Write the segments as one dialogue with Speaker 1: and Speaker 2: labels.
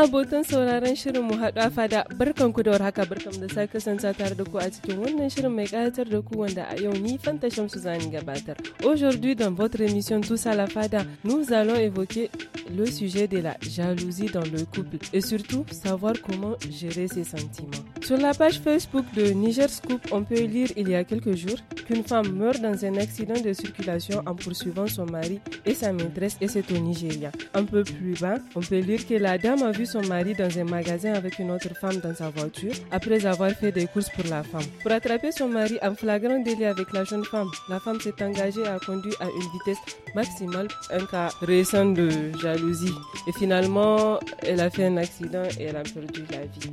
Speaker 1: Aujourd'hui dans votre émission Tous à la fada, nous allons évoquer le sujet de la jalousie dans le couple et surtout savoir comment gérer ses sentiments. Sur la page Facebook de Niger Scoop, on peut lire il y a quelques jours qu'une femme meurt dans un accident de circulation en poursuivant son mari et sa maîtresse et c'est au Nigeria. Un peu plus bas, on peut lire que la dame a vu son mari dans un magasin avec une autre femme dans sa voiture après avoir fait des courses pour la femme. Pour attraper son mari en flagrant délit avec la jeune femme, la femme s'est engagée à conduire à une vitesse maximale, un cas récent de jalousie. Et finalement, elle a fait un accident et elle a perdu la vie.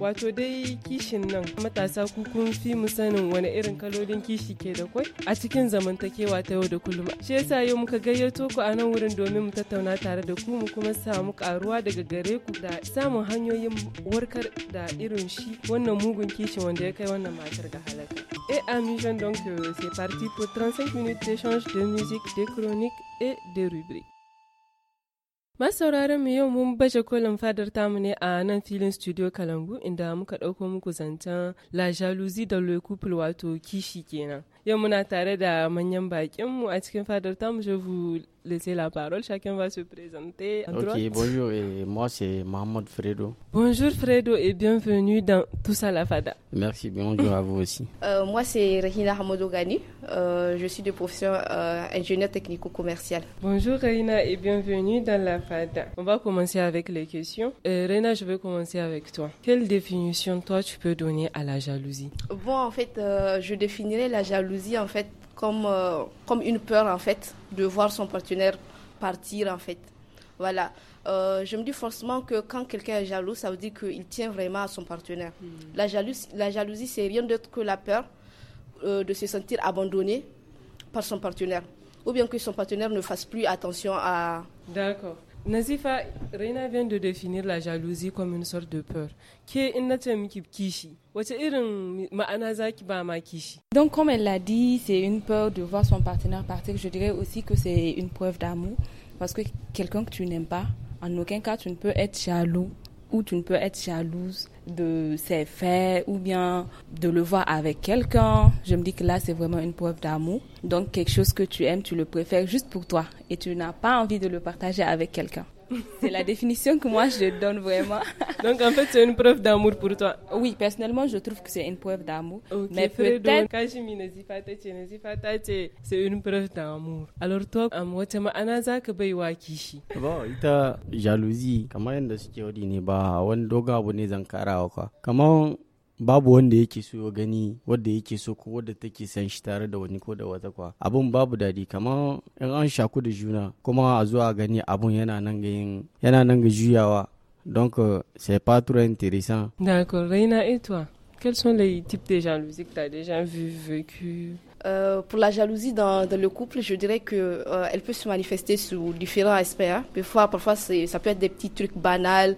Speaker 1: samun hanyoyin warkar da irin shi wannan mugun kishin wanda ya kai wannan matar ga halaka. Et amis jeunes donc euh, c'est parti pour 35 minutes d'échange de musique, de chronique et de Masu sauraron mu yau mun baje kolin fadar tamu ne a nan filin studio kalangu inda muka ɗauko muku zancen la jalousie da le couple wato kishi kenan Yau muna a je vous laisser la parole. Chacun va se présenter. bonjour,
Speaker 2: et moi c'est Mahmoud Fredo.
Speaker 1: Bonjour Fredo et bienvenue dans Tous à la Fada.
Speaker 2: Merci, bonjour à vous aussi.
Speaker 3: Euh, moi c'est Reina Hamoudou euh, je suis de profession euh, ingénieur
Speaker 1: technico-commercial. Bonjour Reina et bienvenue dans la Fada. On va commencer avec les questions. Reina, je vais commencer avec toi. Quelle définition toi tu peux donner à la jalousie
Speaker 3: Bon, en fait, je définirais la jalousie en fait, comme, euh, comme une peur, en fait, de voir son partenaire partir, en fait. Voilà. Euh, je me dis forcément que quand quelqu'un est jaloux, ça veut dire qu'il tient vraiment à son partenaire. Hmm. La jalousie, la jalousie c'est rien d'autre que la peur euh, de se sentir abandonné par son partenaire. Ou bien que son partenaire ne fasse plus attention à...
Speaker 1: D'accord. Nazifa, Reina vient de définir la jalousie comme une sorte de peur.
Speaker 4: Donc, comme elle l'a dit, c'est une peur de voir son partenaire partir. Je dirais aussi que c'est une preuve d'amour. Parce que quelqu'un que tu n'aimes pas, en aucun cas, tu ne peux être jaloux où tu ne peux être jalouse de ses faits ou bien de le voir avec quelqu'un. Je me dis que là, c'est vraiment une preuve d'amour. Donc, quelque chose que tu aimes, tu le préfères juste pour toi et tu n'as pas envie de le partager avec quelqu'un. C'est la définition que moi je donne vraiment. Donc en fait, c'est une preuve d'amour pour toi. Oui, personnellement, je trouve que c'est une preuve
Speaker 1: d'amour. mais peut-être c'est une preuve d'amour. Alors toi, Tu tu une ka wa kishi?
Speaker 2: il t'a jalousie Comment yadda ce wadi ne ba wani doga abu ne zan babu wanda yake so ya gani wadda yake so ko wadda take san shi tare da wani ko da wata kwa abun babu dadi kamar in an shaku da juna kuma a zuwa gani abun yana nan ga yin yana nan ga juyawa donc c'est pas trop intéressant
Speaker 1: d'accord Reina et toi quels sont les types de jalousie que tu as déjà vu vécu euh, pour la jalousie dans, dans, le couple, je dirais que
Speaker 3: euh, elle peut se manifester sous différents aspects. Hein. Parfois, parfois ça peut être des petits trucs banals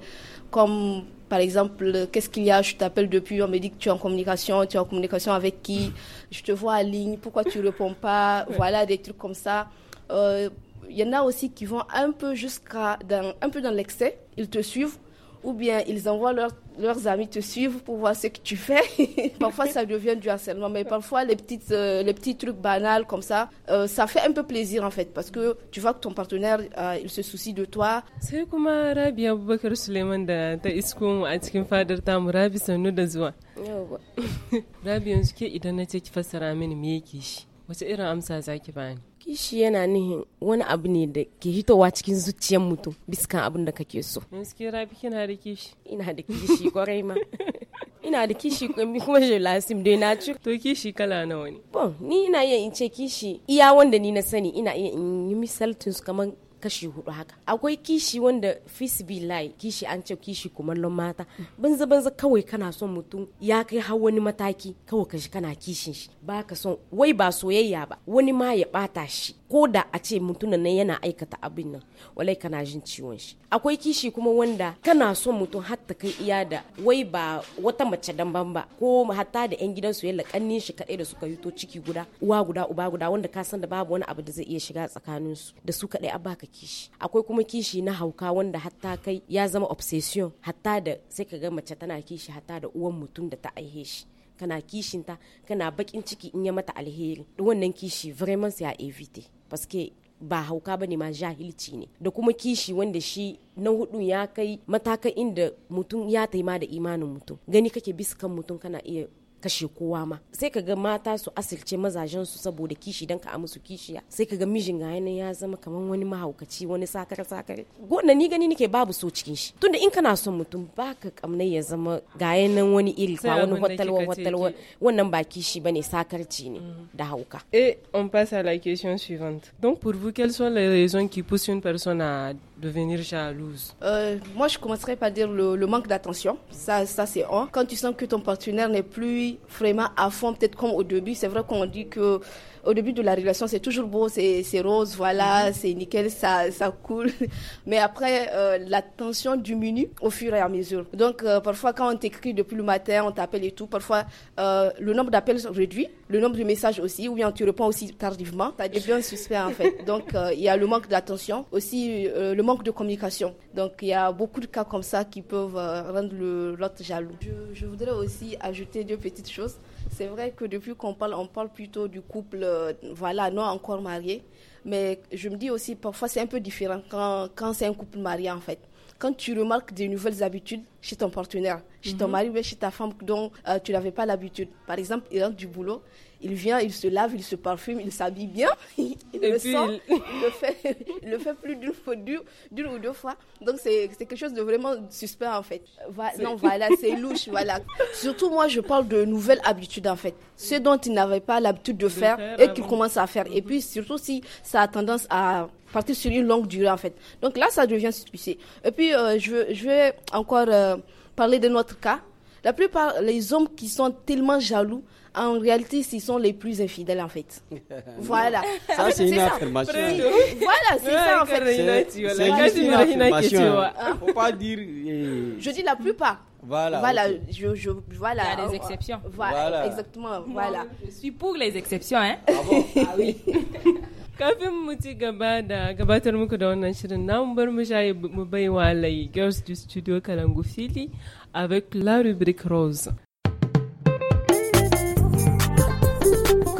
Speaker 3: comme par exemple, qu'est-ce qu'il y a Je t'appelle depuis, on me dit que tu es en communication, tu es en communication avec qui Je te vois en ligne, pourquoi tu ne réponds pas Voilà, des trucs comme ça. Euh, il y en a aussi qui vont un peu jusqu'à, un peu dans l'excès. Ils te suivent ou bien ils envoient leurs amis te suivre pour voir ce que tu fais. parfois, ça devient du harcèlement, mais parfois, les, petites, euh, les petits trucs banals comme ça, euh, ça fait un peu plaisir en fait, parce que tu vois que ton partenaire, euh, il se soucie de toi.
Speaker 1: Wasu irin amsa zaki bani
Speaker 5: kishi yana nihin wani abu ne da ke hitowa cikin zuciyar mutum biskan abin da kake so gaskiya rabi kina da kishi ina da kishi kwarai ma ina da kishi kuma je lasim
Speaker 1: dai na ci to kishi kala nawa ne
Speaker 5: bon ni ina iya in ce kishi iya wanda ni na sani ina iya in yi misaltin su kamar kashi hudu haka akwai kishi wanda fisbilai kishi an ce kishi kumallon mata banza banza kawai kana son mutum ya kai har wani mataki kawai kashi kana kishin shi ba ka son wai ba soyayya ba wani ma ya bata shi ko da a ce mutum nan yana aikata abin nan walai kana jin ciwon shi akwai kishi kuma wanda kana son mutum har ta kai iya da wai ba wata mace ban ba ko hatta da yan su ya kannin shi kadai da suka hito ciki guda uwa guda uba guda wanda ka san da babu wani abu da zai iya shiga tsakaninsu da su kadai a baka kishi akwai kuma kishi na hauka wanda hatta kai ya zama obsession hatta da sai ka ga mace tana kishi hatta da uwan mutum da ta aihe shi kana kishinta kana bakin ciki in ya mata alheri wannan kishi vraiment sai a evite paske ba hauka ba ne ma jahilci ne da kuma kishi wanda shi na huɗu ya kai matakan inda mutum ya taima da imanin mutum gani kake bisa kan mutum kana iya kashe kowa ma sai kaga mata su asirce mazajen su saboda kishi dan ka amsu kishiya sai kaga mijin ga yana ya zama kaman wani mahaukaci wani sakar sakare gona ni gani nake babu so cikin shi tunda in kana son mutum baka kamnai ya zama ga yanan wani iri ba wani hotalwa hotalwa wannan ba kishi bane sakarci ne da hauka et eh, on passe à la question suivante donc
Speaker 1: pour vous quelles sont les raisons qui poussent une personne à devenir jalouse
Speaker 3: euh, Moi, je commencerai par dire le, manque d'attention. Ça, ça c'est un. Quand tu sens que ton partenaire n'est plus vraiment à fond, peut-être comme au début, c'est vrai qu'on dit que au début de la relation, c'est toujours beau, c'est rose, voilà, c'est nickel, ça, ça coule. Mais après, euh, la tension diminue au fur et à mesure. Donc, euh, parfois, quand on t'écrit depuis le matin, on t'appelle et tout, parfois, euh, le nombre d'appels réduit, le nombre de messages aussi, ou bien tu réponds aussi tardivement. Ça devient suspect, en fait. Donc, euh, il y a le manque d'attention, aussi le manque de communication. Donc, il y a beaucoup de cas comme ça qui peuvent rendre l'autre jaloux. Je, je voudrais aussi ajouter deux petites choses. C'est vrai que depuis qu'on parle, on parle plutôt du couple, euh, voilà, non encore marié. Mais je me dis aussi, parfois, c'est un peu différent quand, quand c'est un couple marié, en fait quand tu remarques des nouvelles habitudes chez ton partenaire, chez ton mhm. mari ou chez ta femme dont euh, tu n'avais pas l'habitude. Par exemple, il rentre du boulot, il vient, il se lave, il se parfume, il s'habille bien, il, le sent, il... le fait, le fait plus d'une ou deux fois. Donc c'est quelque chose de vraiment suspect en fait. non, voilà, c'est louche, voilà. Surtout moi, je parle de nouvelles habitudes en fait, ce dont il n'avait pas l'habitude de, faire, et qu'il commence à faire. Et puis surtout si ça a tendance à partir sur une longue durée en fait. Donc là, ça devient suspicieux. Et puis, euh, je, vais encore euh, parler de notre cas. La plupart, les hommes qui sont tellement jaloux, en réalité, ils sont les plus infidèles en fait.
Speaker 6: voilà. Ça, c'est une affirmation.
Speaker 2: Voilà, c'est ça en fait. C'est une affirmation. Hein? Faut pas dire. Euh,
Speaker 3: je dis la plupart.
Speaker 2: Voilà. Voilà,
Speaker 3: je, je, voilà. Il y a des exceptions. Voilà, exactement. voilà. Je suis
Speaker 4: pour les exceptions, hein. Ah, bon ah oui.
Speaker 1: kafin mu ci gaba da gabatar muku da wannan shirin girls du studio kalangu avec la rubrique rose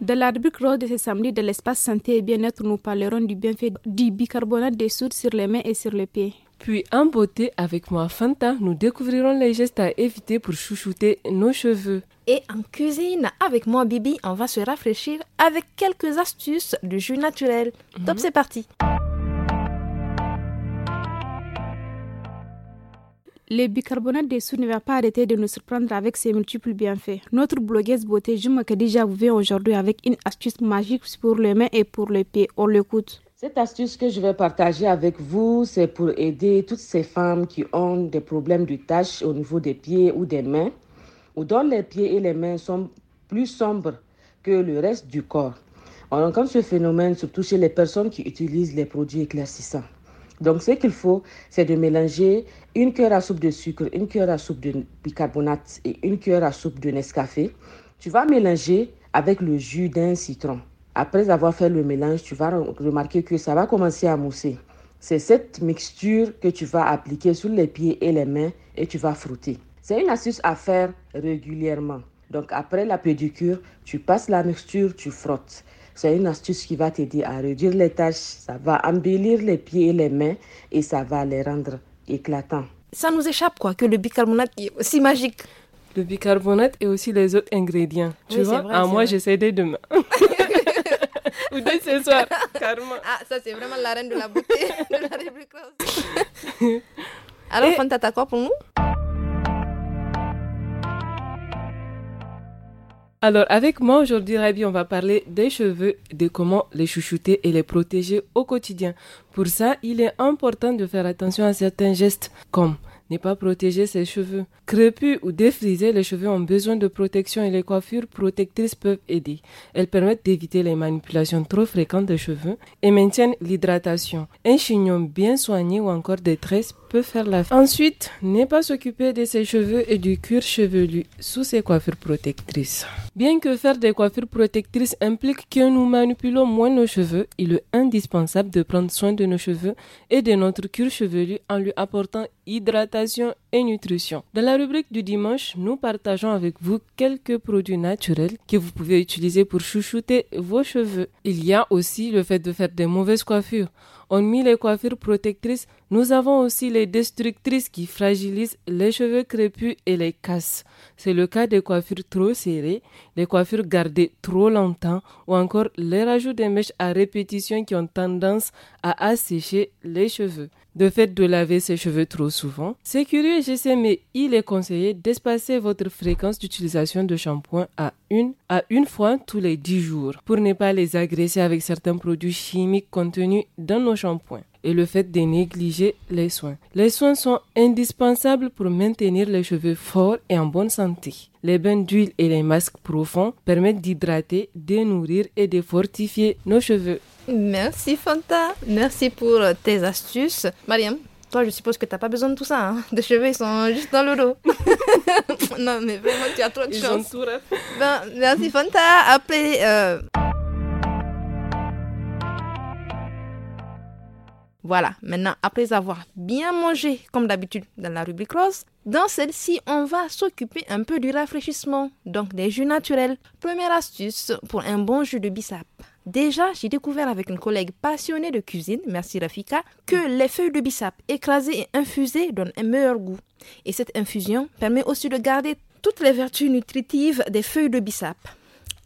Speaker 7: De la rose de ce samedi de l'espace santé et bien-être, nous parlerons du bienfait du bicarbonate des
Speaker 1: soude sur les mains et sur les pieds. Puis en beauté avec moi Fanta, nous découvrirons les gestes à éviter pour chouchouter nos cheveux. Et en cuisine avec moi Bibi, on va se
Speaker 7: rafraîchir avec quelques astuces de jus naturel. Top, mhm. c'est parti. Le bicarbonate de soude ne va pas
Speaker 5: arrêter de nous surprendre avec ses multiples bienfaits.
Speaker 7: Notre blogueuse beauté Juma déjà vous voyez aujourd'hui avec
Speaker 5: une astuce magique pour les mains et pour les pieds. On l'écoute. Cette astuce que je vais partager avec vous, c'est pour aider toutes ces femmes qui ont des problèmes de tâches au niveau des pieds ou des mains, ou dont les pieds et les mains sont plus sombres que le reste du corps. On rencontre ce phénomène surtout chez les personnes qui utilisent les produits éclaircissants. Donc, ce qu'il faut, c'est de mélanger une cuillère à soupe de sucre, une cuillère à soupe de bicarbonate et une cuillère à soupe de Nescafé. Tu vas mélanger avec le jus d'un citron. Après avoir fait le mélange, tu vas remarquer que ça va commencer à mousser. C'est cette mixture que tu vas appliquer sur les pieds et les mains et tu vas frotter. C'est une astuce à faire régulièrement. Donc après la pédicure, tu passes la mixture, tu frottes. C'est une astuce qui va t'aider à réduire les tâches, ça va embellir les pieds et les mains et ça va les rendre éclatants.
Speaker 1: Ça nous échappe quoi, que le bicarbonate est aussi magique. Le bicarbonate et aussi les autres ingrédients. tu vois, ah, moi
Speaker 5: j'essaie dès demain.
Speaker 1: Ou dès ce soir, carrément. Ah, ça c'est vraiment
Speaker 7: la reine de la beauté de la Alors, Fanta, t'as quoi pour nous
Speaker 1: Alors, avec moi aujourd'hui, Rabi, on va parler des cheveux, de comment les chouchouter et les protéger au quotidien. Pour ça, il est important de faire attention à certains gestes comme n'est pas protéger ses cheveux. Crépus ou défrisés, les cheveux ont besoin de protection et les coiffures protectrices peuvent aider. Elles permettent d'éviter les manipulations trop fréquentes des cheveux et maintiennent l'hydratation. Un chignon bien soigné ou encore des tresses peut faire la Ensuite, n'est pas s'occuper de ses cheveux et du cuir chevelu sous ses coiffures protectrices. Bien que faire des coiffures protectrices implique que nous manipulons moins nos cheveux, il est indispensable de prendre soin de nos cheveux et de notre cuir chevelu en lui apportant hydratation et nutrition. Dans la rubrique du dimanche, nous partageons avec vous quelques produits naturels que vous pouvez utiliser pour chouchouter vos cheveux. Il y a aussi le fait de faire des mauvaises coiffures. On mis les coiffures protectrices, nous avons aussi les destructrices qui fragilisent les cheveux crépus et les cassent. C'est le cas des coiffures trop serrées, des coiffures gardées trop longtemps ou encore les rajouts de mèches à répétition qui ont tendance à assécher les cheveux de fait de laver ses cheveux trop souvent. C'est curieux, je sais, mais il est conseillé d'espacer votre fréquence d'utilisation de shampoing à une à une fois tous les 10 jours pour ne pas les agresser avec certains produits chimiques contenus dans nos shampoings et le fait de négliger les soins. Les soins sont indispensables pour maintenir les cheveux forts et en bonne santé. Les bains d'huile et les masques profonds permettent d'hydrater, de nourrir et de fortifier nos cheveux.
Speaker 7: Merci Fanta, merci pour tes astuces. Mariam, toi, je suppose que t'as pas besoin de tout ça. Hein. Tes cheveux, sont juste dans le dos. non, mais vraiment, tu as trop de chance. Ben, merci Fanta. Appelez. Euh. Voilà, maintenant, après avoir bien mangé, comme d'habitude dans la rubrique rose, dans celle-ci, on va s'occuper un peu du rafraîchissement, donc des jus naturels. Première astuce pour un bon jus de bissap. Déjà, j'ai découvert avec une collègue passionnée de cuisine, merci Rafika, que les feuilles de bissap écrasées et infusées donnent un meilleur goût. Et cette infusion permet aussi de garder toutes les vertus nutritives des feuilles de bissap.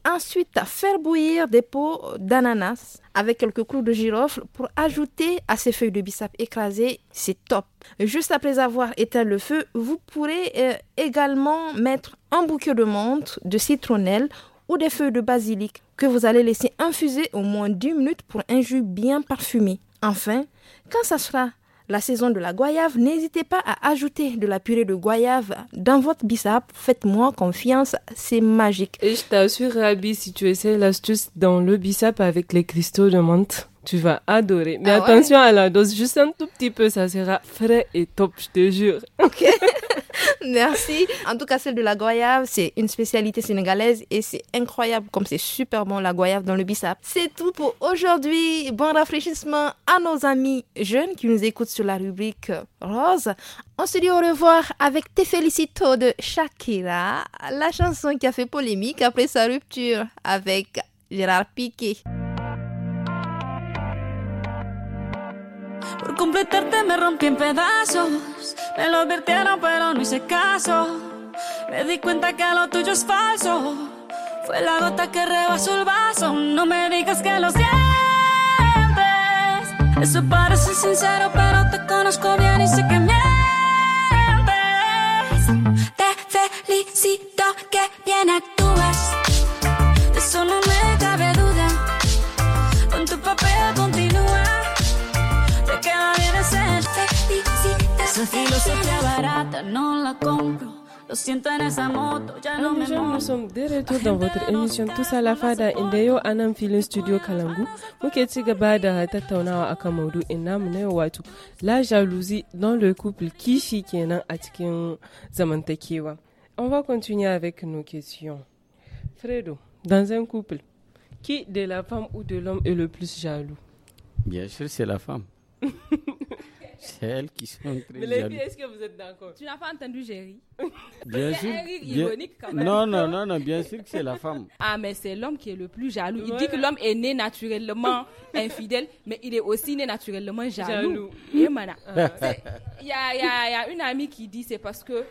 Speaker 7: Ensuite, faire bouillir des pots d'ananas avec quelques clous de girofle pour ajouter à ces feuilles de bissap écrasées, c'est top. Juste après avoir éteint le feu, vous pourrez euh, également mettre un bouquet de menthe, de citronnelle ou des feuilles de basilic que vous allez laisser infuser au moins 10 minutes pour un jus bien parfumé. Enfin, quand ça sera la saison de la goyave, n'hésitez pas à ajouter de la purée de goyave dans votre bissap. Faites-moi
Speaker 1: confiance, c'est magique. Et je t'assure, Rabi, si tu essaies l'astuce dans le bissap avec les cristaux de menthe, tu vas adorer. Mais ah attention à la dose, juste un tout petit peu, ça sera frais et top, je te jure. Ok. Merci.
Speaker 7: En tout cas, celle de la goyave, c'est une spécialité sénégalaise et c'est incroyable comme c'est super bon la goyave dans le bissap. C'est tout pour aujourd'hui. Bon rafraîchissement à nos amis jeunes qui nous écoutent sur la rubrique rose. On se dit au revoir avec Te Felicito de Shakira, la chanson qui a fait polémique après sa rupture avec Gérard Piquet.
Speaker 1: Por completarte me rompí en pedazos. Me lo advirtieron, pero no hice caso. Me di cuenta que lo tuyo es falso. Fue la gota que rebasó el
Speaker 5: vaso. No me digas que lo sientes. Eso parece sincero, pero te conozco bien y sé que mientes.
Speaker 8: Te felicito que bien actúas. De solo
Speaker 6: Filosofía barata, no la compro.
Speaker 1: nous sommes de retour dans votre émission Tous à la Fada inda yau a filin studio Kalangu muke ci gaba da tattaunawa akan maudu'in namu wato la jalousie dans le couple kishi kenan a cikin zamantakewa. On va continuer avec nos questions. Fredo, dans un couple, qui de la femme ou de l'homme est le
Speaker 2: plus jaloux Bien sûr, c'est la femme. C'est qui sont très Mais les filles,
Speaker 4: est-ce que vous êtes d'accord Tu n'as pas entendu Jerry
Speaker 2: Bien sûr. C'est un rire ironique Non, non, non, non, bien sûr que c'est la femme.
Speaker 4: Ah, mais c'est l'homme qui est le plus jaloux. Il dit que l'homme est né naturellement infidèle, mais il est aussi né naturellement jaloux. Jaloux. Il y, a, y a une amie qui dit c'est parce que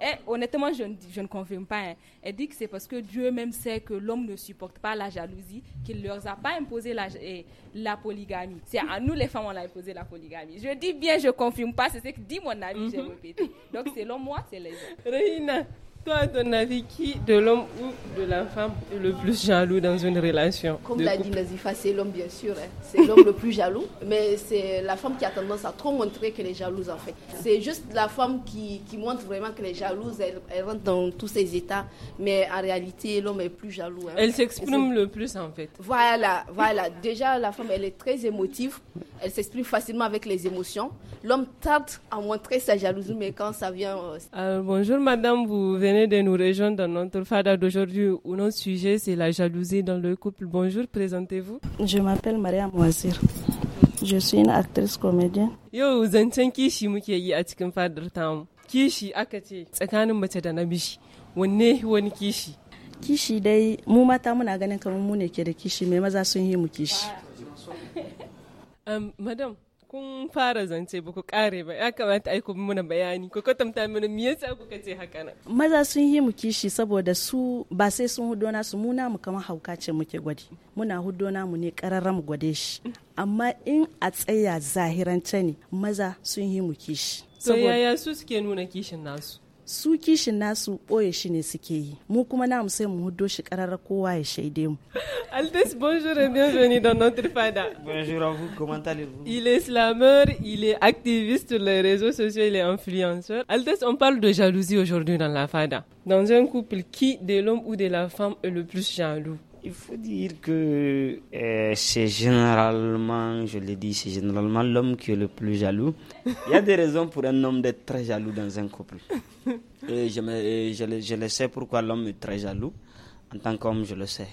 Speaker 4: eh, honnêtement, je ne, je ne confirme pas. Hein. Elle dit que c'est parce que Dieu même sait que l'homme ne supporte pas la jalousie, qu'il ne leur a pas imposé la, eh, la polygamie. C'est à nous les femmes, on a imposé la polygamie. Je dis bien, je ne confirme pas, c'est ce que dit mon ami, j'ai mhm. répété. Donc selon moi, c'est les hommes.
Speaker 1: Toi, à ton avis, qui de l'homme ou de la femme est le plus jaloux dans une relation Comme l'a dit
Speaker 3: Nazifa, c'est l'homme, bien sûr. Hein. C'est l'homme le plus jaloux, mais c'est la femme qui a tendance à trop montrer qu'elle est jalouse, en fait. C'est juste la femme qui, qui, montre vraiment qu'elle est jalouse, elle, rentre dans tous ses états, mais en réalité, l'homme est plus jaloux. Hein. Elle s'exprime
Speaker 1: le plus, en fait.
Speaker 3: Voilà, voilà. Déjà, la femme, elle est très émotive, elle s'exprime facilement avec les émotions. L'homme tarde à montrer sa jalousie, mais quand ça vient. Euh,
Speaker 1: euh, bonjour, madame, vous venez venez de nous rejoindre dans notre fada d'aujourd'hui où notre sujet c'est la jalousie dans le couple.
Speaker 9: Bonjour, présentez-vous. Je m'appelle Maria Moazir. Je suis une actrice comédienne.
Speaker 1: Yo, zancen kishi muke yi a cikin fadar tamu. Kishi aka ce tsakanin mace da
Speaker 9: namiji. Wanne wani kishi? Kishi dai mu mata muna ganin kamar mu ne ke da kishi mai maza sun yi mu kishi.
Speaker 1: um, Madame. kun fara zance ba ku kare ba ya kamata aiko muna bayani ku kwatanta mana me yasa kuka ce haka nan
Speaker 9: maza sun yi mu kishi saboda su ba sai sun hudo muna mu namu kamar hauka ce muke gwadi muna hudo mu ne kararra mu gwade shi amma in a tsaya zahirance ne maza sun yi mu kishi to yaya
Speaker 1: su suke nuna kishin nasu
Speaker 9: su kishin shi ne suke yi mu kuma Altes
Speaker 1: bonjour et bienvenue dans notre fada Bonjour à vous comment allez-vous Il est
Speaker 9: slameur
Speaker 1: il est activiste sur les réseaux sociaux il est influenceur Altes on parle de jalousie aujourd'hui dans la fada dans un couple qui de l'homme ou de la femme est le plus jaloux il faut dire
Speaker 8: que euh, c'est généralement, je l'ai dit, c'est généralement l'homme qui est le plus jaloux. Il y a des raisons pour un homme d'être très jaloux dans un couple. je, le, sais pourquoi l'homme est très jaloux. En tant qu'homme, je le sais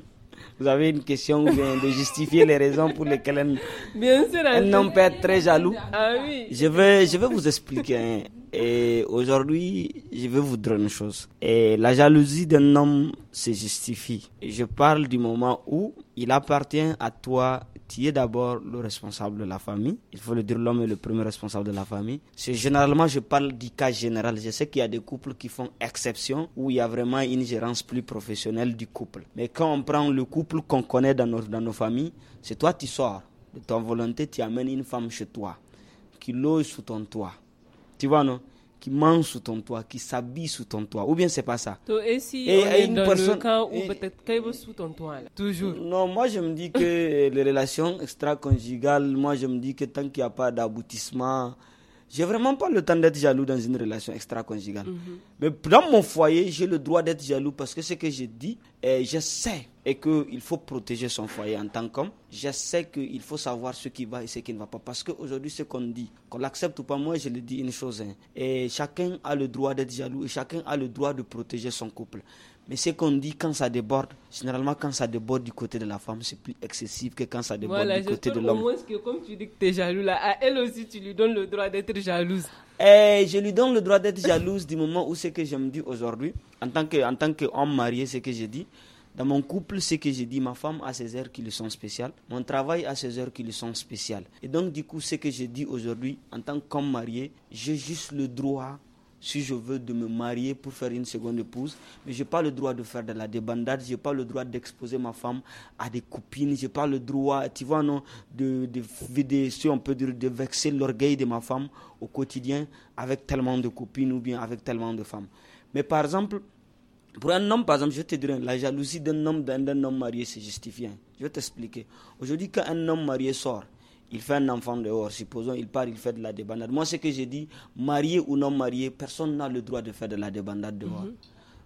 Speaker 8: vous avez une question de justifier les raisons pour lesquelles un, Bien homme peut être très jaloux. Ah, oui. je, vais, je vais vous expliquer. Et aujourd'hui, je vais vous dire une chose. Et la jalousie d'un homme se justifie. Je parle du moment où il appartient à toi tu es d'abord le responsable de la famille. Il faut le dire, l'homme est le premier responsable de la famille. C'est généralement, je parle du cas général. Je sais qu'il y a des couples qui font exception, où il y a vraiment une gérance plus professionnelle du couple. Mais quand on prend le couple qu'on connaît dans nos, dans nos familles, c'est toi qui sors. De ton volonté, tu amènes une femme chez toi, qui loge sous ton toit. Tu vois, non qui mange sous ton toit, qui s'habille sous ton toit. Ou bien c'est pas ça. et si on est une personne, le cas
Speaker 1: où peut-être qu'il sous ton toit
Speaker 8: Toujours. Non, moi je me dis que les relations extra-conjugales, moi je me dis que tant qu'il n'y a pas d'aboutissement, j'ai vraiment pas le temps d'être jaloux dans une relation extra-conjugale. Mhm. Mais dans mon foyer, j'ai le droit d'être jaloux parce que ce que je dis, et eh, je sais et qu'il faut protéger son foyer en tant qu'homme. Je sais qu'il faut savoir ce qui va et ce qui ne va pas. Parce qu'aujourd'hui, ce qu'on dit, qu'on l'accepte ou pas, moi, je le dis une chose. Hein. et chacun a le droit d'être jaloux et chacun a le droit de protéger son couple. Mais ce qu'on dit quand ça déborde, généralement quand ça déborde du côté de la femme, c'est plus excessif que quand ça déborde du côté de l'homme. Voilà,
Speaker 1: que comme tu dis que
Speaker 8: tu es jaloux, là, à elle aussi tu lui donnes
Speaker 1: le droit d'être
Speaker 8: jalouse. Eh, je lui donne le droit d'être jalouse du moment où ce que je me dis aujourd'hui, en tant que en tant qu'homme marié, ce que je dis, dans mon couple, ce que je dis, ma femme a ses heures qui lui sont spéciales, mon travail a ses heures qui lui sont spéciales. Et donc du coup, ce que je dis aujourd'hui, en tant qu'homme marié, j'ai juste le droit si je veux de me marier pour faire une seconde épouse, mais je n'ai pas le droit de faire de la débandade, je n'ai pas le droit d'exposer ma femme à des copines, je n'ai pas le droit, tu vois, non, de, de, si on peut de vexer l'orgueil de ma femme au quotidien avec tellement de copines ou bien avec tellement de femmes. Mais par exemple, pour un homme, par exemple, je te dire, la jalousie d'un homme, d'un homme marié, c'est justifié. Hein. Je vais t'expliquer. Aujourd'hui, quand un homme marié sort, il fait un enfant dehors, supposons, il part, il fait de la débandade. Moi, ce que j'ai dit, marié ou non marié, personne n'a le droit de faire de la débandade dehors. Mhm.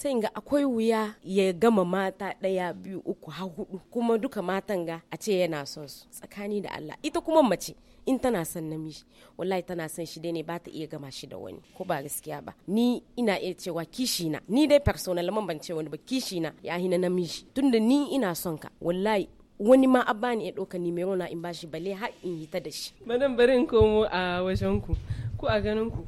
Speaker 5: sai ga akwai wuya ya gama mata ɗaya biyu uku har hudu kuma duka matan ga a ce yana son su tsakani da Allah ita kuma mace in tana son namiji wallahi tana son shi dai ne ba ta iya gama shi da wani ko ba gaskiya ba ni ina iya cewa kishi na ni dai personal man ban ce wani ba kishi na ya hina namiji tunda ni ina son ka wallahi wani ma abba ne ya ɗauka nimero na in bashi bale har in yi ta da shi.
Speaker 1: Madan bari in komo a wajen ku, ku a ganin ku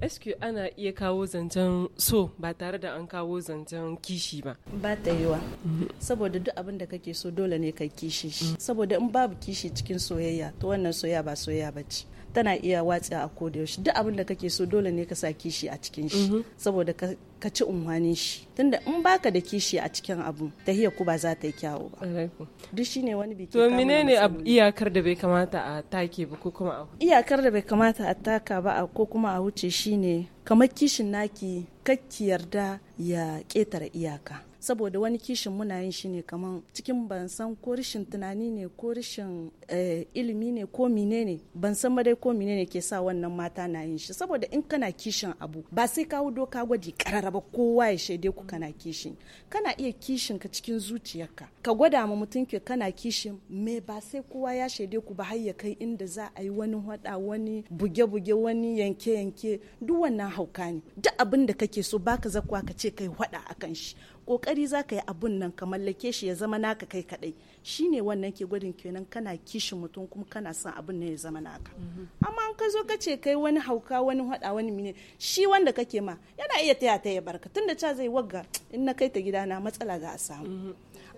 Speaker 1: Eske ana iya kawo zancen
Speaker 9: so ba tare da an kawo zancen kishi ba? Ba ta yiwa. Mhm. Saboda duk abin da kake so dole ne ka kishi shi. Saboda in babu kishi cikin soyayya to wannan soyayya ba soyayya ba ce. tana iya watsa a koda yaushe duk abin da kake so dole ne ka sa kishi a cikin shi mhm. saboda ka ci unwanin shi tunda in baka da kishi a cikin abu hiya ku ba za ta yi kyawu ba duk shine wani biki to menene
Speaker 1: iyakar da bai kamata a take ba ko kuma a
Speaker 9: iyakar da bai kamata a taka ba ko kuma a wuce shine kamar kishin naki kakki yarda ya ketare iyaka saboda wani kishin muna yin shi ne kaman cikin ban san ko rishin tunani ne ko rishin eh, ilimi ne ko mine ne ban san madai ko mine ne ke sa wannan mata na yin shi saboda in kana kishin abu ba sai kawo doka gwaji karara ba kowa ya shaide ku kana kishin kana iya kishin ka cikin zuciyarka ka gwada ma mutum ke kana kishin me ba sai kowa ya shaide ku ba har ya kai inda za a yi wani hada wani buge-buge wani yanke-yanke duk wannan hauka ne duk abin da kake so baka zakwa ka ce kai hada akan shi kokari za ka yi abun nan ka mallake shi ya zama naka kai kadai shine wannan ke gwadin kenan kana kishin mutum kuma kana son abun nan ya zama naka mhm. amma an ka zo ka ce kai wani hauka wani hada wani mine shi wanda kake ma yana iya taya ta ya barka tunda ca zai wagga in na kai ta gidana matsala za a samu mhm.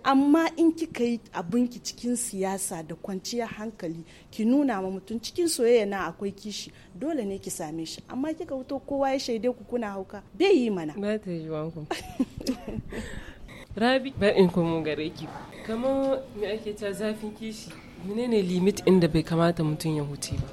Speaker 9: amma in kika yi abinki cikin siyasa da kwanciyar hankali ki nuna ma mutum cikin soyayya na akwai kishi dole ne ki same shi amma kika wuto kowa ya shaide ku kuna hauka bai yi mana
Speaker 1: rabi ba in kuma gare ki
Speaker 5: kamar me ake ta zafin kishi menene limit inda bai kamata mutum ya huce ba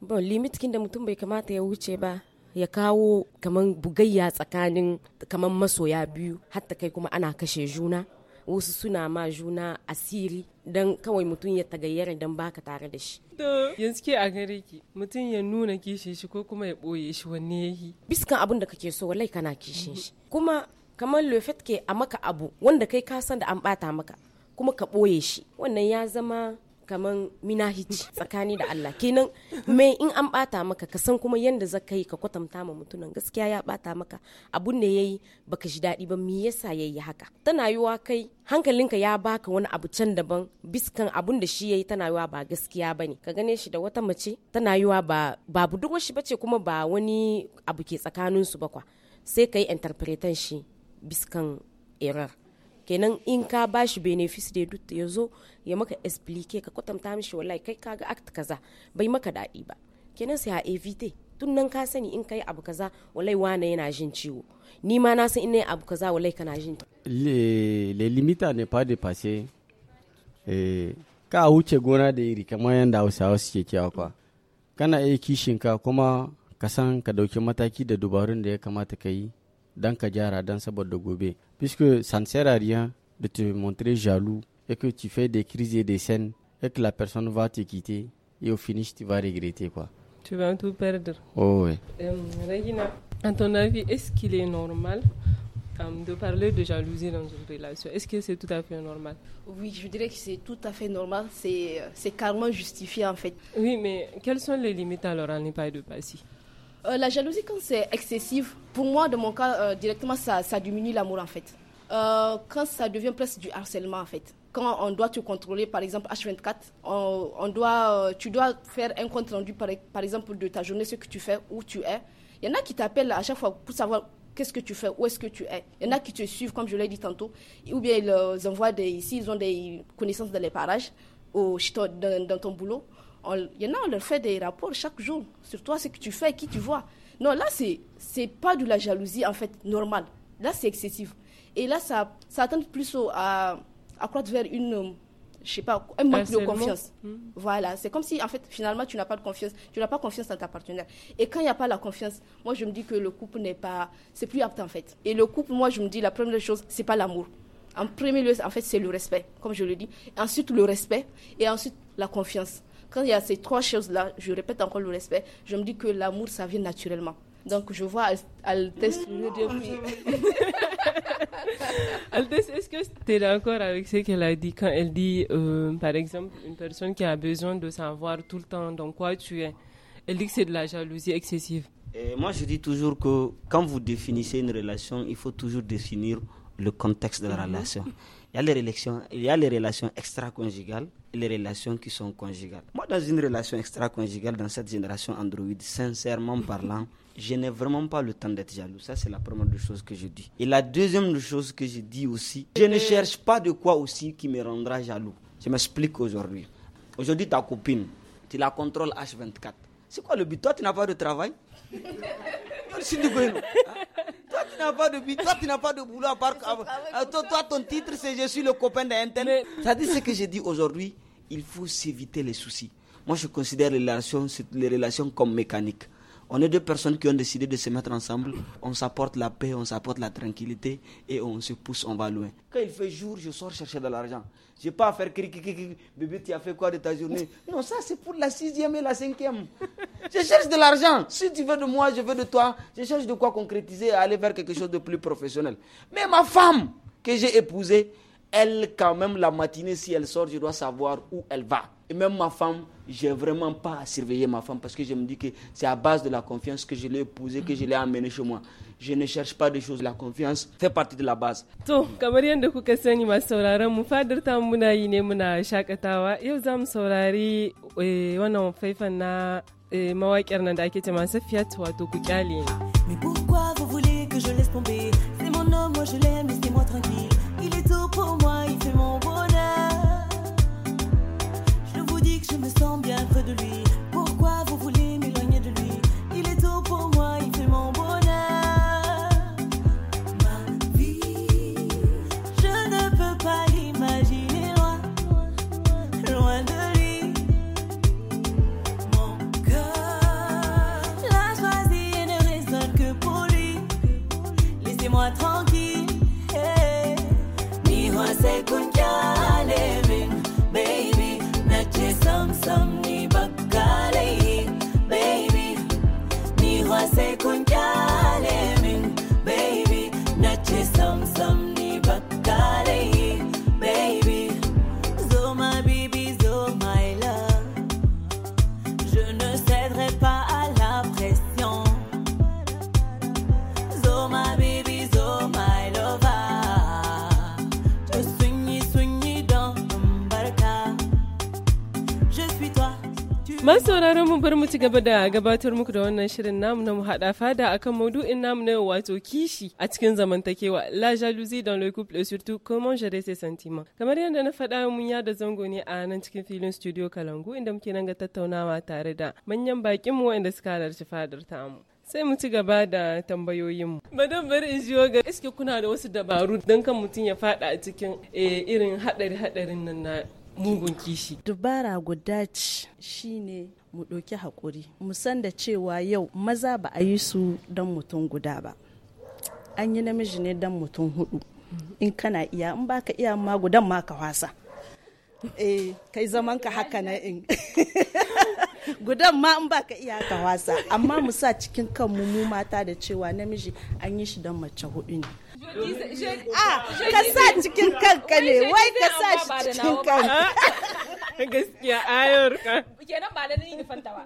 Speaker 5: bon limit kin da mutum bai kamata ya huce ba ya kawo kamar bugayya tsakanin kamar masoya biyu hatta kai kuma ana kashe juna wasu suna ma juna asiri don kawai mutum ya tagayyara dan baka tare da shi.
Speaker 1: To yanzu ke a gare ki
Speaker 5: mutum ya nuna kishin shi ko kuma ya ɓoye shi wanne ya yi. Biskan abin da kake so wallahi kana kishin shi. Kuma kamar lefet ke a maka abu wanda kai ka san da an bata maka kuma ka ɓoye shi. Wannan ya zama kaman minahici tsakani da Allah kenan me in an bata maka ka san kuma yanda zaka yi ka kwatanta ma mutunan gaskiya ya bata maka abun da yayi baka ji daɗi ba me yasa yayi haka tana yiwa kai hankalinka ya baka wani abu can daban biskan abun da shi yayi tana yiwa ba gaskiya bane ka gane shi da wata mace tana yiwa ba ba duk shi bace kuma ba wani abu ke tsakanin su ba kwa sai kai interpretation shi biskan error kenan in ka ba bashi benefits da duk ya zo ya maka explique ka kwatanta mishi wallahi kai kaga act kaza bai maka daɗi ba kenan sai a evite tun nan ka sani in kai abu kaza wallahi wane yana jin ciwo ni ma na san in nayi abu kaza wallahi kana jin
Speaker 2: le le limita ne pas dépasser eh ka wuce gona da iri kamar yanda Hausawa suke cewa kwa kana iya ka kuma ka san ka dauki mataki da dubarun da ya kamata ka yi dans dans gyara de de gobe puisque ça ne sert à rien de te montrer jaloux et que tu fais des crises et des scènes et que la personne va te quitter et au finish tu vas regretter quoi
Speaker 1: tu vas tout perdre oh oui euh, Regina à ton avis est-ce qu'il est normal euh, de parler de jalousie dans une relation. Est-ce que c'est tout à fait normal Oui, je dirais que c'est tout à fait normal. C'est euh, carrément justifié en fait. Oui, mais quelles sont les limites alors à ne pas dépasser
Speaker 3: euh, la jalousie, quand c'est excessif, pour moi, dans mon cas, euh, directement, ça, diminue l'amour, en fait. Euh, quand ça devient presque du harcèlement, en fait. Quand on doit te contrôler, par exemple, H24, on, doit, tu dois faire un compte rendu, par, exemple, de ta journée, ce que tu fais, où tu es. Il y en a qui t'appellent à chaque fois pour savoir qu'est-ce que tu fais, où est-ce que tu es. Il y en a qui te suivent, comme je l'ai dit tantôt, ou bien ils envoient des, ici, ils ont des connaissances dans les parages, au, dans ton boulot il y en a, on leur fait des rapports chaque jour sur toi, ce que tu fais et qui tu vois. Non, là, c'est n'est pas de la jalousie, en fait, normale. Là, c'est excessif. Et là, ça, ça attend plus à, à croître vers une, euh, je sais pas, un manque de confiance. Hmm. Voilà, c'est comme si, en fait, finalement, tu n'as pas de confiance, tu n'as pas confiance à ta partenaire. Et quand il n'y a pas la confiance, moi, je me dis que le couple n'est pas, c'est plus apte, en fait. Et le couple, moi, je me dis, la première chose, c'est pas l'amour. En premier lieu, en fait, c'est le respect, comme je le dis. Ensuite, le respect. Et ensuite, la confiance. Quand il y a ces trois choses-là, je répète encore le respect, je me dis que l'amour, ça vient naturellement. Donc je vois Altesse mmh. oh,
Speaker 6: le
Speaker 1: Altesse, est-ce que tu es d'accord avec ce qu'elle a dit quand elle dit, euh, par exemple, une personne qui a besoin de savoir tout le temps dans quoi tu es Elle dit que c'est de la jalousie excessive.
Speaker 8: Et moi, je dis toujours que quand vous définissez une relation, il faut toujours définir le contexte de la mmh. relation. Il y a les relations, il y a les relations extra-conjugales et les relations qui sont conjugales. Moi, dans une relation extra-conjugale, dans cette génération Android, sincèrement parlant, je n'ai vraiment pas le temps d'être jaloux. Ça, c'est la première chose choses que je dis. Et la deuxième chose que je dis aussi, je ne cherche pas de quoi aussi qui me rendra jaloux. Je m'explique aujourd'hui. Aujourd'hui, ta copine, tu la contrôles H24. C'est quoi le but Toi, tu n'as pas de travail tu n'as pas de toi, tu n'as pas de boulot à part. Euh, toi, ton titre, c'est Je suis le copain d'Internet. Ça dit ce que j'ai dit aujourd'hui il faut s'éviter les soucis. Moi, je considère les relations, les relations comme mécaniques. On est deux personnes qui ont décidé de se mettre ensemble. On s'apporte la paix, on s'apporte la tranquillité et on se pousse, on va loin. Quand il fait jour, je sors chercher de l'argent. Je n'ai pas à faire cri-cri-cri-cri. bébé, tu as fait quoi de ta journée Non, ça c'est pour la sixième et la cinquième. Je cherche de l'argent. Si tu veux de moi, je veux de toi. Je cherche de quoi concrétiser aller vers quelque chose de plus professionnel. Mais ma femme que j'ai épousée, elle, quand même, la matinée, si elle sort, je dois savoir où elle va. Et même ma femme, je n'ai vraiment pas à surveiller ma femme parce que je me dis que c'est à base de la confiance que je l'ai épousée, que je l'ai amenée chez moi. Je ne cherche pas des choses. La confiance fait partie de la base.
Speaker 1: Mais
Speaker 6: pourquoi vous voulez que je laisse tomber? C'est mon homme, moi je l'aime, laissez-moi tranquille pour moi, il fait mon bonheur. Je vous dis que je me sens bien près de lui.
Speaker 1: sauraron mu bar mu ci gaba da gabatar muku da wannan shirin namu na mu hada fada akan maudu'in namu na yau wato kishi a cikin zamantakewa la jalousie dans le couple et surtout comment gérer ses sentiments kamar yadda na faɗa mun ya da zango ne a nan cikin filin studio Kalangu inda muke nan ga tattaunawa tare da manyan bakin mu waɗanda suka halarci fadar mu sai mu ci gaba da tambayoyinmu. Madam bari in jiyo ga iske kuna da wasu dabaru don kan mutum ya fada a cikin eh, irin hadari-hadarin
Speaker 9: nan na mugun kishi dubara guda ci shine mu ɗauki haƙuri mu san da cewa yau maza ba a yi su don mutum guda ba an yi namiji ne don mutum hudu mhm. in kana iya in baka iya ma gudan ma ka wasa eh kai zaman ka haka na in gudan ma in baka iya ka wasa amma mu sa cikin kanmu mu mata da cewa namiji an yi shi don mace hudu ne a ah, ka sa cikin kanka ne wai ka sa shi
Speaker 4: cikin kanka
Speaker 9: gaskiya ayar ka
Speaker 4: kenan ba da ni nufanta ba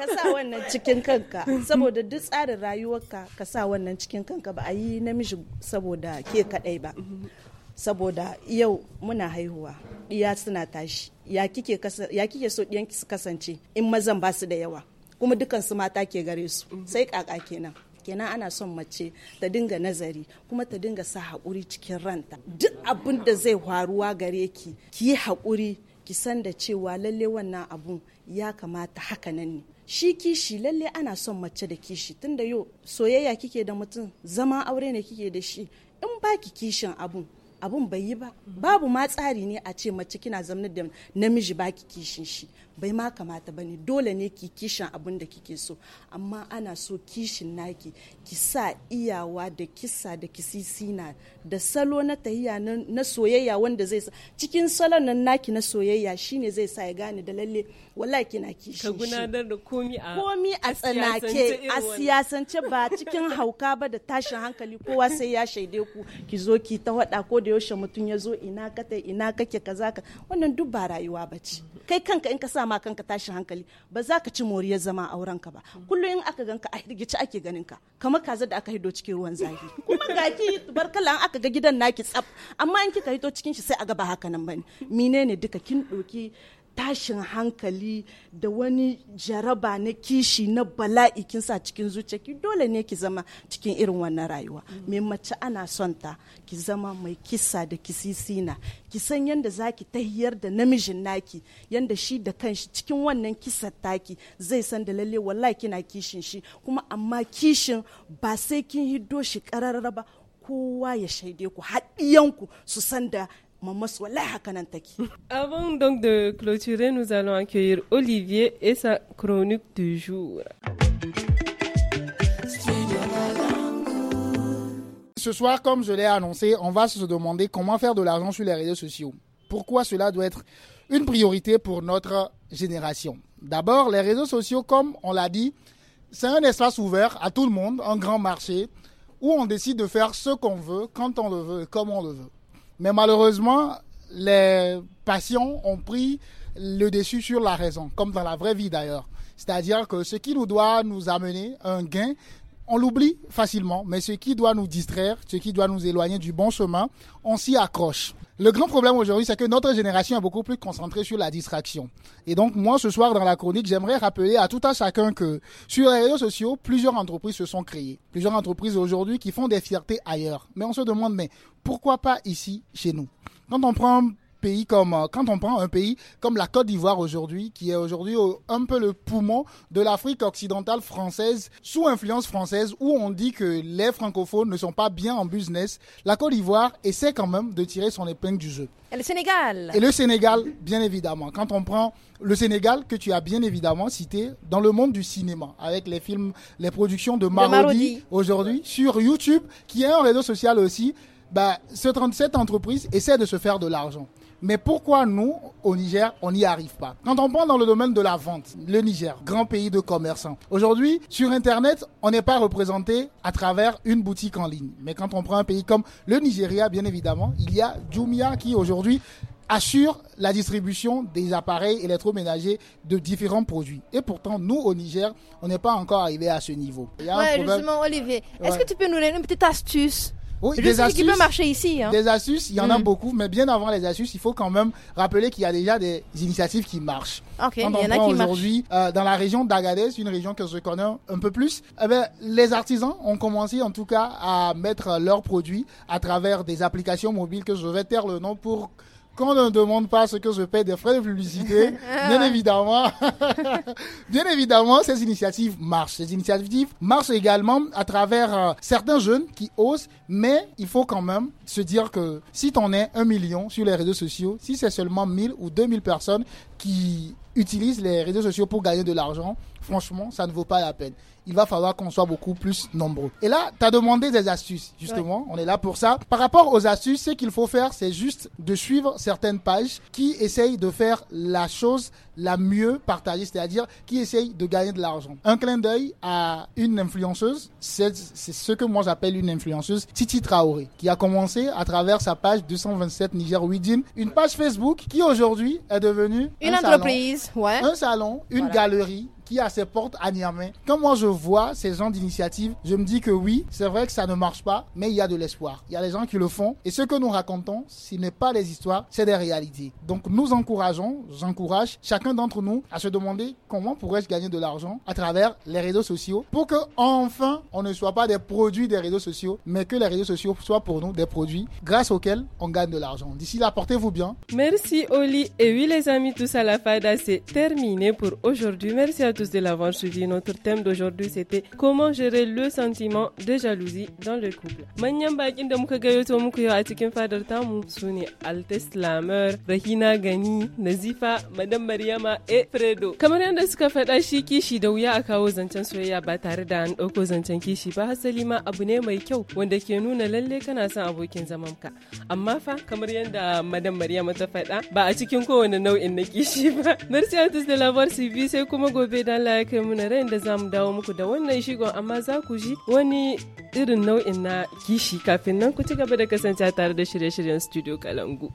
Speaker 4: ka sa wannan
Speaker 9: cikin kanka saboda duk tsarin rayuwarka ka sa wannan cikin kanka ba a yi namiji saboda ke kadai ba saboda yau muna haihuwa iya suna tashi ya kike so ɗiyanki su kasance in mazan ba su da yawa kuma dukansu mata ke gare su sai kaka kenan kenan ana son mace ta dinga nazari kuma ta dinga sa haƙuri cikin ranta duk abin da zai faruwa gare ki ki yi haƙuri ki san da cewa lalle wannan abun ya kamata haka nan ne shi kishi lalle ana son mace da kishi tunda yau soyayya kike da mutum zama aure ne kike da shi in baki kishin abun abun bai yi ba babu ma tsari ne a ce mace kina zamanin da namiji baki kishin shi bai ma kamata ba ne dole ne ki kishin abin da kike so amma ana so kishin naki ki sa iyawa da kisa da kisisina da salo na tahiya na soyayya wanda zai sa cikin salon nan naki na soyayya shine zai sa ya gane da lalle wallahi kina kishin ka gudanar
Speaker 1: da komi a komi a tsanake a siyasance
Speaker 9: ba cikin hauka ba da tashin hankali kowa sai ya shaide ku ki zo ki ta wada ko da yaushe mutum ya zo ina kata ina kake kaza ka wannan duk ba rayuwa bace kai kanka in ka sa ma kanka tashin hankali ba za ka ci moriyar zama aurenka ka ba kullum in aka ganka a hirgici ake ganin ka kamar kaza da aka hido cikin ruwan zafi kuma ga ki barkala an aka ga gidan naki tsaf amma in kika hito cikin shi sai a ga ba haka nan bane menene duka kin doki tashin hankali da wani jaraba na kishi na bala'i kin sa cikin zuciya ki dole ne ki zama cikin irin wannan rayuwa mai mace ana son ta ki zama mai kisa da kisisina ki san yadda zaki tahiyar da namijin naki yadda shi da kanshi cikin wannan kisar taki zai san da lalle wallahi kina kishin shi kuma amma kishin ba sai kin hiddo shi kararra ba kowa ya shaide ku haɗiyanku su san da
Speaker 1: Avant donc de clôturer, nous allons
Speaker 10: accueillir Olivier et sa chronique du jour. Ce soir, comme je l'ai annoncé, on va se demander comment faire de l'argent sur les réseaux sociaux. Pourquoi cela doit être une priorité pour notre génération D'abord, les réseaux sociaux, comme on l'a dit, c'est un espace ouvert à tout le monde, un grand marché, où on décide de faire ce qu'on veut, quand on le veut et comme on le veut. Mais malheureusement, les passions ont pris le dessus sur la raison, comme dans la vraie vie d'ailleurs. C'est-à-dire que ce qui nous doit nous amener un gain, on l'oublie facilement, mais ce qui doit nous distraire, ce qui doit nous éloigner du bon chemin, on s'y accroche. Le grand problème aujourd'hui, c'est que notre génération est beaucoup plus concentrée sur la distraction. Et donc, moi, ce soir, dans la chronique, j'aimerais rappeler à tout un chacun que sur les réseaux sociaux, plusieurs entreprises se sont créées. Plusieurs entreprises aujourd'hui qui font des fiertés ailleurs. Mais on se demande, mais pourquoi pas ici, chez nous? Quand on prend pays comme euh, quand on prend un pays comme la Côte d'Ivoire aujourd'hui, qui est aujourd'hui un peu le poumon de l'Afrique occidentale française sous influence française, où on dit que les francophones ne sont pas bien en business, la Côte d'Ivoire essaie quand même de tirer son épingle du jeu.
Speaker 7: Et le Sénégal. Et le
Speaker 10: Sénégal, bien évidemment. Quand on prend le Sénégal que tu as bien évidemment cité dans le monde du cinéma avec les films, les productions de Marodi, aujourd'hui sur YouTube, qui est un réseau social aussi. Bah, ce 37 entreprises essaient de se faire de l'argent. Mais pourquoi nous, au Niger, on n'y arrive pas Quand on prend dans le domaine de la vente, le Niger, grand pays de commerçants, hein. aujourd'hui, sur Internet, on n'est pas représenté à travers une boutique en ligne. Mais quand on prend un pays comme le Nigeria, bien évidemment, il y a Jumia qui aujourd'hui assure la distribution des appareils électroménagers de différents produits. Et pourtant, nous, au Niger, on n'est pas encore arrivé à ce niveau. justement,
Speaker 7: Olivier, est-ce que tu peux nous donner une petite astuce oui, des astuces, marcher ici. Hein. Des astuces, il y en a hmm.
Speaker 10: beaucoup, mais bien avant les astuces, il faut quand même rappeler qu'il y a déjà des initiatives qui marchent. Ok, il y en marchent aujourd'hui, euh, dans la région d'Agadez, une région que je connais un peu plus, eh ben, les artisans ont commencé en tout cas à mettre leurs produits à travers des applications mobiles que je vais taire le nom pour qu'on ne demande pas ce que je paie des frais de publicité, bien évidemment, bien évidemment, ces initiatives marchent. Ces initiatives marchent également à travers euh, certains jeunes qui osent, mais il faut quand même se dire que si t'en es un million sur les réseaux sociaux, si c'est seulement 1000 ou 2000 personnes qui utilisent les réseaux sociaux pour gagner de l'argent, franchement, ça ne vaut pas la peine. Il va falloir qu'on soit beaucoup plus nombreux. Et là, tu as demandé des astuces, justement. On est là pour ça. Par rapport aux astuces, ce qu'il faut faire, c'est juste de suivre certaines pages qui essayent de faire la chose la mieux partagée, c'est-à-dire qui essayent de gagner de l'argent. Un clin d'œil à une influenceuse, c'est ce que moi j'appelle une influenceuse, Titi Traoré, qui a commencé à travers sa page 227 Niger Widin, une page Facebook qui aujourd'hui est devenue une entreprise, un salon, une galerie, qui a ses portes à Niamey. Quand moi je vois ces gens d'initiative, je me dis que oui, c'est vrai que ça ne marche pas, mais il y a de l'espoir. Il y a des gens qui le font. Et ce que nous racontons, ce n'est pas des histoires, c'est des réalités. Donc nous encourageons, j'encourage chacun d'entre nous à se demander comment pourrais-je gagner de l'argent à travers les réseaux sociaux pour que enfin on ne soit pas des produits des réseaux sociaux, mais que les réseaux sociaux soient pour nous des produits grâce auxquels on gagne de l'argent. D'ici là, portez-vous bien.
Speaker 1: Merci Oli. Et oui les amis, tout ça la fada, c'est terminé pour aujourd'hui. Merci à tous de l'avoir suivi. Notre thème d'aujourd'hui c'était comment gérer le sentiment de jalousie dans le couple. Manyan kin da muka gayyato muku yau a cikin fadar tamu Sune Altest Altes Lamer, Rahina Gani, Nazifa, Madam Mariama et Fredo. Kamar yadda suka faɗa shi kishi da wuya a kawo zancen soyayya ba tare da an ɗauko zancen kishi ba hasali ma abu ne mai kyau wanda ke nuna lalle kana son abokin zaman ka. Amma fa kamar yadda Madam Mariama ta faɗa ba a cikin kowane nau'in kishi ba. Merci à tous de l'avoir suivi sai kuma gobe idan Allah ya kai mu da za mu dawo muku da wannan shigon amma za ku ji wani irin nau'in na kishi kafin nan ku ci gaba da kasancewa tare da shirye-shiryen studio Kalangu.